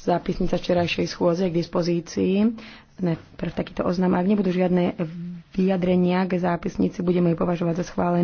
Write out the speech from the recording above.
Zápisnica včerajšej schôze k dispozícii. pre takýto oznam. Ak nebudú žiadne vyjadrenia k zápisnici, budeme ju považovať za schválenú.